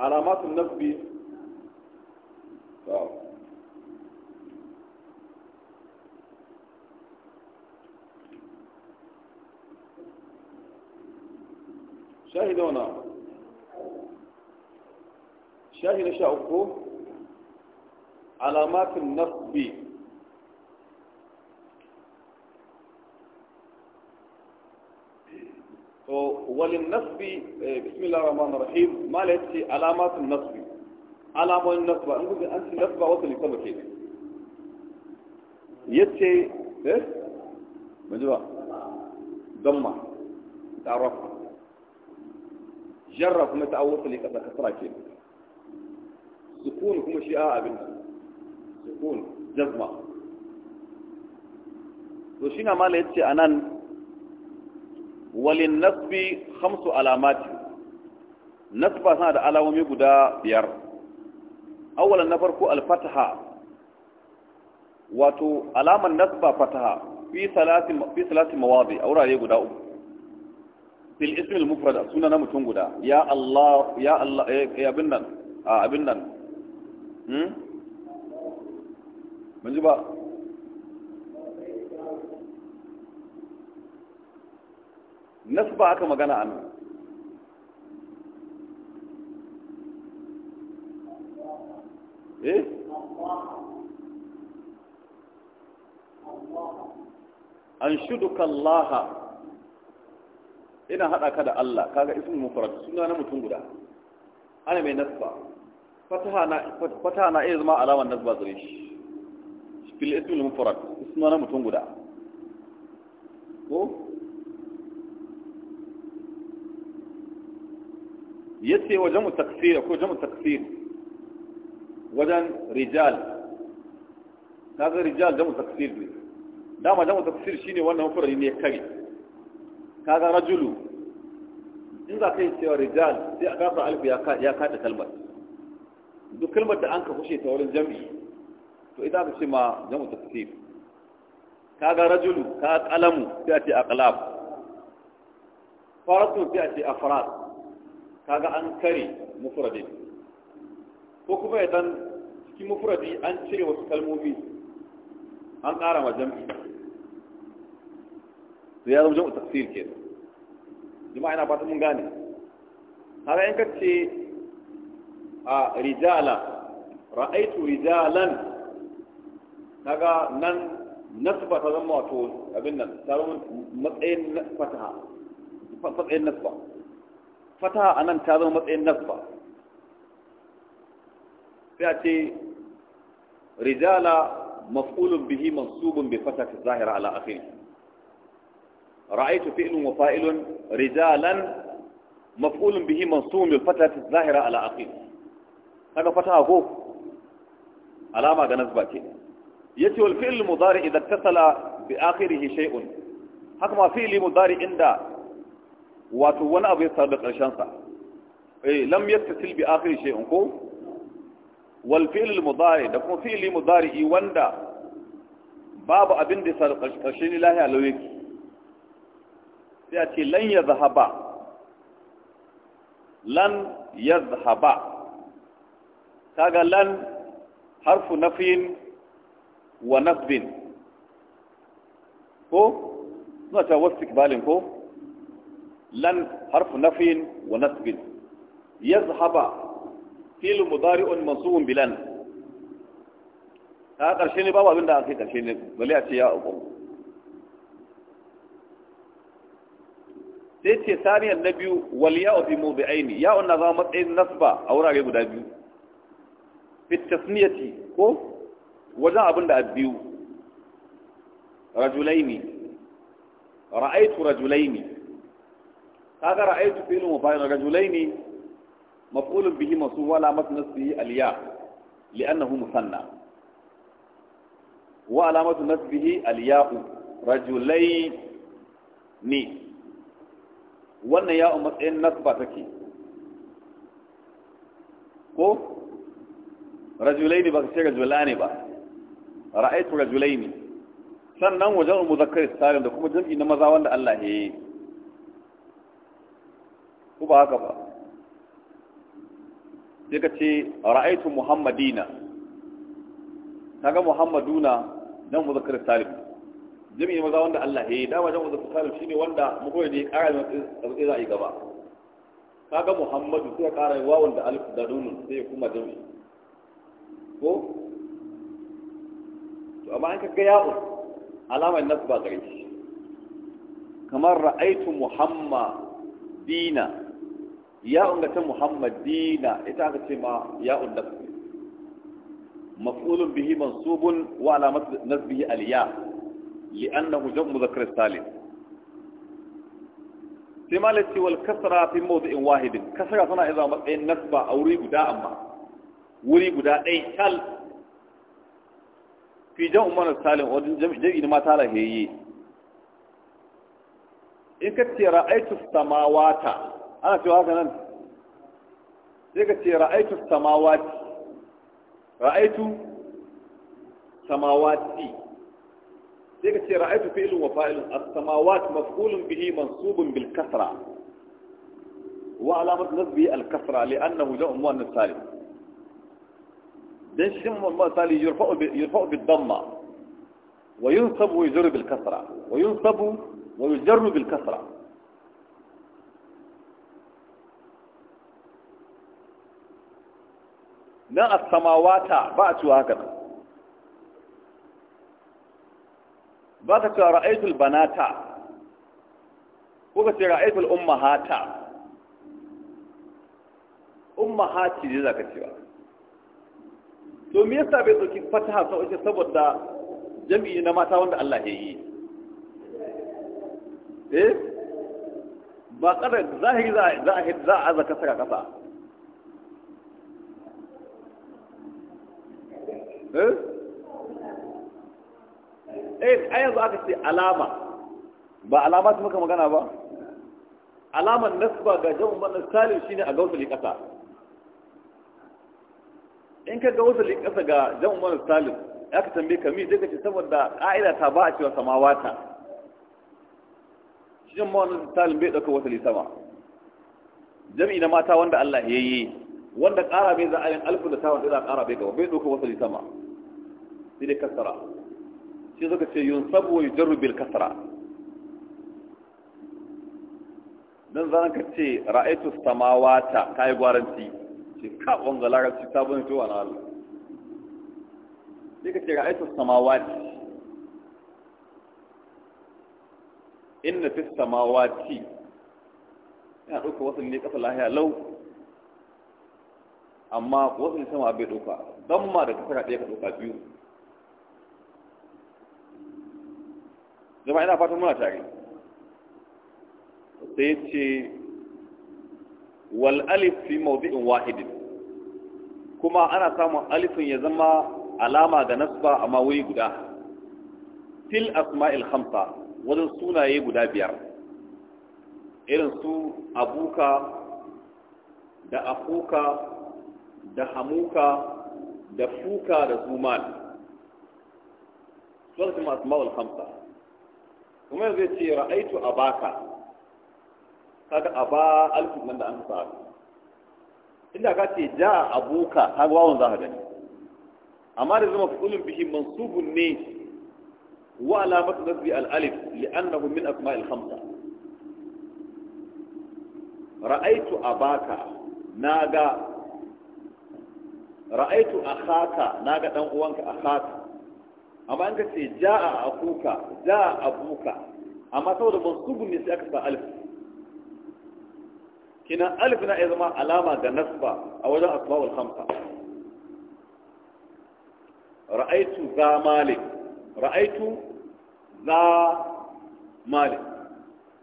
علامات النصب شاهدونا شاهد شاء علامات النصب وللنصب آه، بسم الله الرحمن الرحيم ما لدي علامات النصب علامات النصب أنت أنت نصب وصل يصب كيف يتي إيه مجوا ضمة تعرف جرب متى اللي يصب كسرة كيف سكون هو شيء أبن آه سكون جزمة وشينا ما لدي أنا walin nasbi hamsu alamati nasba tana da alamomi guda biyar awalan na farko alfataha wato alaman nasba fataha fi salati mawazi a wurare guda uku fil ismil mufrad suna na mutum guda ya Allah ya Allah ya eh, eh, abin nan a ah, abin nan hmm mun ji ba nasu ba aka magana a nan eh an shudu kallaha. ina haɗa ka da Allah kaga ismu mufrad suna na mutum guda ana mai nasba Fata na iya zama alamar nasba gare shi fil ismul mufrad suna na mutum guda ko yace wa jamu taksir ko jamu taksir wajen rijal kaga rijal jamu taksir ne dama jamu taksir shine wannan mufradi ne kai kaga rajulu in za ka yi cewa rijal sai a gafa alfi ya kaɗa kalmar duk kalmar da an ka kushe ta wurin jam'i to idan ka ce ma jamu taksir kaga rajulu ka kalamu sai a ce aqlab faratun sai a ce a afrad kaga an kare mufradin ko kuma idan cikin mufradi an cire wasu kalmomi an ƙara ma jam'i da ya zama jam'u tafsir ke jama'a ina fata mun gane haka in kace a rijala ra'aitu rijalan kaga nan nasba ta zama wato abin nan ta zama matsayin fataha matsayin nasba fataha a nan ta zama matsayin nasba sai a ce rijala maf'ulun bihi mansubun bi fatati zahira ala akhiri ra'aytu fi'lun wa fa'ilun rijalan maf'ulun bihi mansubun bi fatati zahira ala akhiri kaga fataha ko alama ga nasba ce yace wal fi'l mudari idan tasala bi akhirihi shay'un haka ma fi'li mudari inda wato wani abu ya sadu da ƙarshen sa eh lam yattasil bi akhir shay'in ko wal fi'l mudari da kuma fi'li mudari wanda babu abin da ya sadu ƙarshen lillahi alawiki sai a ce lan yadhhaba lan yadhhaba kaga lan harfu nafin wa nasbin ko suna ta wasu ko لن حرف نفي ونسب يذهب فعل مضارع منصوب بلن ta ƙarshe ne babu abin da aka yi ƙarshe ne bale a ce ya uku sai ce saniyar na biyu wal ya'u fi mawdi'aini ya'un na zama matsayin nasba a wurare guda biyu fi tasniyati ko wajen abin da biyu rajulaini ra'aitu rajulaini kaga ra'aytu fi'l mudari rajulaini maf'ul bihi masu wala matnas bihi al-ya li'annahu musanna wa alamatu nasbihi al-ya'u rajulaini wannan ya ya'u matsayin nasba take ko rajulaini ba ka ce rajulani ba Ra'aitu rajulaini sannan wajen muzakkar salim da kuma jam'i na maza wanda Allah ya yi ko ba haka ba sai ka ce ra'aitu muhammadina ga muhammaduna nan muzakkar salim jami'i maza wanda Allah ya yi dama jan muzakkar shi ne wanda mukoyi ne da mai za a yi gaba Ka ga muhammadu sai ya ƙara wawan da alif da nunun sai ya kuma jami'i ko to amma an ka ga ya'un alamar nasu ba gare shi kamar ra'aitu muhammadina ya ungata muhammadina ita aka ce ma ya undaf maf'ulun bihi mansubun wa alamat nasbihi aliya annahu jam muzakkar salim sai malati wal kasra fi mawdi'in wahidin kasra tana iza matsayin nasba a wuri guda amma wuri guda ɗaya tal fi jam'u mana salim wajen jam'i ma ta lahiyayye in ka ce ra'aitu samawata أنا في هذا لن ذكرتي رأيت السماوات رأيت سماواتي ذكرتي رأيت فعل وفائل السماوات مفعول به منصوب بالكثرة وعلامة نصبه الكثرة لأنه جاء موان الثالث دين شيء موان الثالث يرفع بالضمة وينصب ويجر بالكثرة وينصب ويجر بالكثرة, بالكثرة na as-samawata ba a cewa haka ba ta cewa ra'aytul banata ko ka ce ra'aytul ummahata ummahati ne zaka cewa to me yasa bai tsoki fataha sau ita saboda jami'i na mata wanda Allah ya yi eh ba kada zahiri za a za a aza kasara kasa eh, eh a yanzu aka ce alama ba alama ta muka magana ba alamar nasba ga jamun manar salim ne a gautar likasa in ka ga wata ƙasa ga jamun manar salim ya ka tambaye kami zai kace saboda ƙa'ida ta ba a cewa samawata shi jamun manar salim bai ɗauka wasali sama? jami'i na mata wanda Allah ya yi wanda ƙara bai za a yin alfu da tawon ɗaya ƙara bai gaba bai ɗauka wata sama. sai dai kasara shi suka ce yun sabu yi jarru bil kasara ka ce ra'aytu samawata ka yi gwaranci ce ka wanga ga ta bane to wa Allah sai ka ce ra'aytu samawati inna fi samawati yana ɗauka wasu ne kasa lahiya lau amma wasu ne sama bai ɗauka don ma da kasar ɗaya ka ɗauka biyu zama ina fatan muna tare sai ce wal alif fi mawdi'in wahidin kuma ana samun alifin ya zama alama ga nasba amma wuri guda til asma'il khamsa wajen sunaye guda biyar irin su abuka da afuka, da hamuka da fuka da zuman sunan asma'ul khamsa kuma zai ce ra'aitu a baka kaga a ba alfin nan da an sa inda ka ce ja abuka kaga wawan za ka gani amma da zama fulun bihi mansubun ne wa alamatu nasbi al-alif li'annahu min asma'il khamsa ra'aitu abaka naga ra'aitu akhaka naga dan uwanka akhaka amma an ka ce ja'a akuka a abuka amma saboda mansubun ne sai aka sa alif kina alif na iya zama alama ga nasba a wajen asbabul khamsa ra'aitu za malik ra'aitu za malik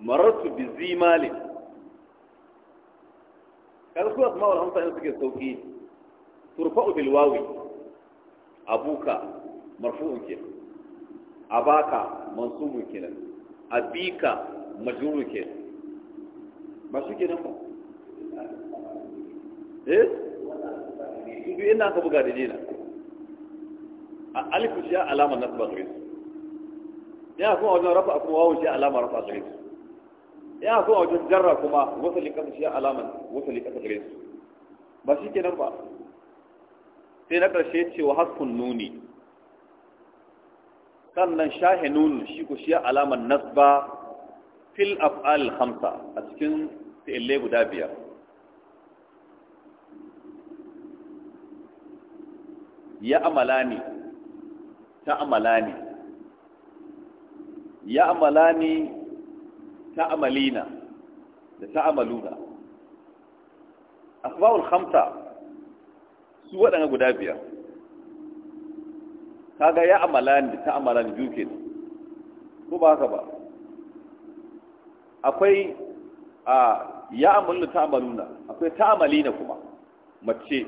marartu bi zi malik kar su asma'ul khamsa in suke sauki turfa'u bil abuka marfu'un kenan abaka mansubun kenan abika majuru kenan ba shi kenan ba eh duk ina ka buga da A alifu shi ya alama nasba gare su ya kuma wajen rafa kuma wawon shi alama rafa gare su ya kuma wajen jarra kuma wasali likasa shi alama wasali likasa gare su ba shi kenan ba sai na ƙarshe cewa haskun nuni sannan shahe nunu shi ku shi alamar nasba fil af'al hamsa a cikin fi'ille guda biyar ya amalani ta amalani ya amalani ta amalina da ta amaluna asba'ul hamsa su waɗanda guda biyar kaga ya amalan ta amalan juke kenan ko ba haka ba akwai a ya amalu ta amaluna akwai ta amalina kuma mace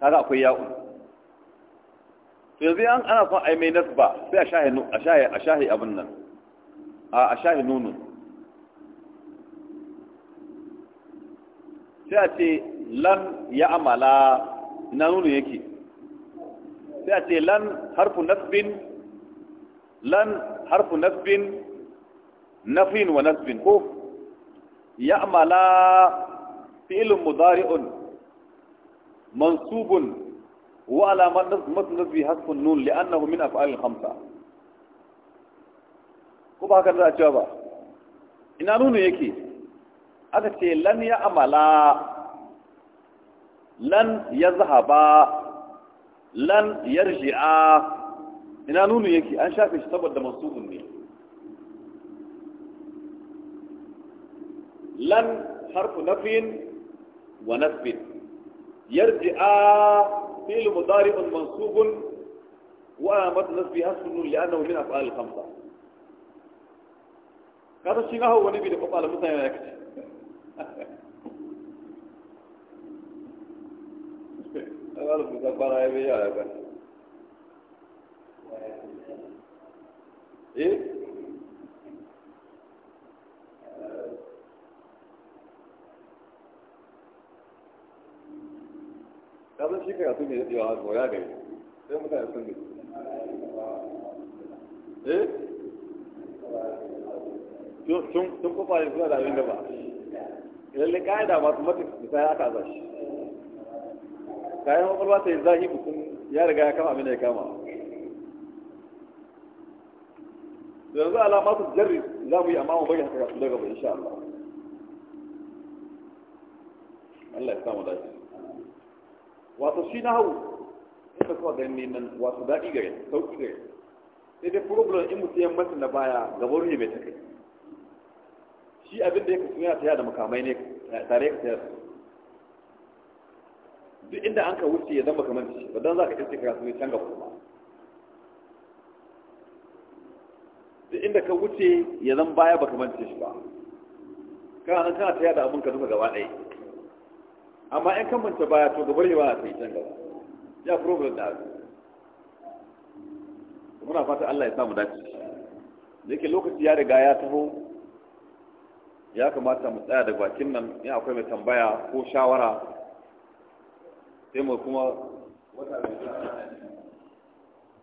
kaga akwai ya'u to yanzu an ana son ai mai nasba sai a shahi a shahi a shahi abin nan a shahi nunu. sai a ce lan ya amala na nunu yake sai a ce lan harfu nasbin lan harfu nasbin nafin wa nasbin ko Wa fi'lun mudari'un منصوب وعلى متن نصبه حذف النون لأنه من أفعال hamsa. ko ba haka za a cewa ba ina nuna yake aka ce lan ya amala lan ya zahaba lan yarji'a ina nunu yake an shafe shi saboda masu ne lan harfu nafin wa nasbin yarji'a fi'l mudari'un mansubun wa amat nasbi hasbun li'annahu min af'al al-khamsa kada shi ga hawo ne bi da kwakwalwar mutane da kace alùpùpù kápára ee da ba lalle ka'ida misali aka zashi kayan kwakwalwa ta yi zahi mutum ya riga ya kama abin ya kama yanzu alama su jarri za mu yi amma mu bayyana haka kafin daga bai insha Allah Allah ya samu dace wato shi na hau inda kuma gani nan wato daɗi yi sauƙi yi sai dai problem in mutum ya mace na baya gaba ruhi mai ta kai shi abin da ya kasu yana taya da makamai ne tare ka tayar duk inda an ka wuce ya zama kamar shi ba don za ka kace karatu ne can gaba ba duk inda ka wuce ya zama baya ba kamar shi ba kana nan kana tayar da abin ka duka gaba ɗaya amma in kan manta baya to gabar yawa ta yi can gaba ya problem da abu muna fata Allah ya samu dace da yake lokaci ya riga ya taho ya kamata mu tsaya da bakin nan in akwai mai tambaya ko shawara sai mu kuma wata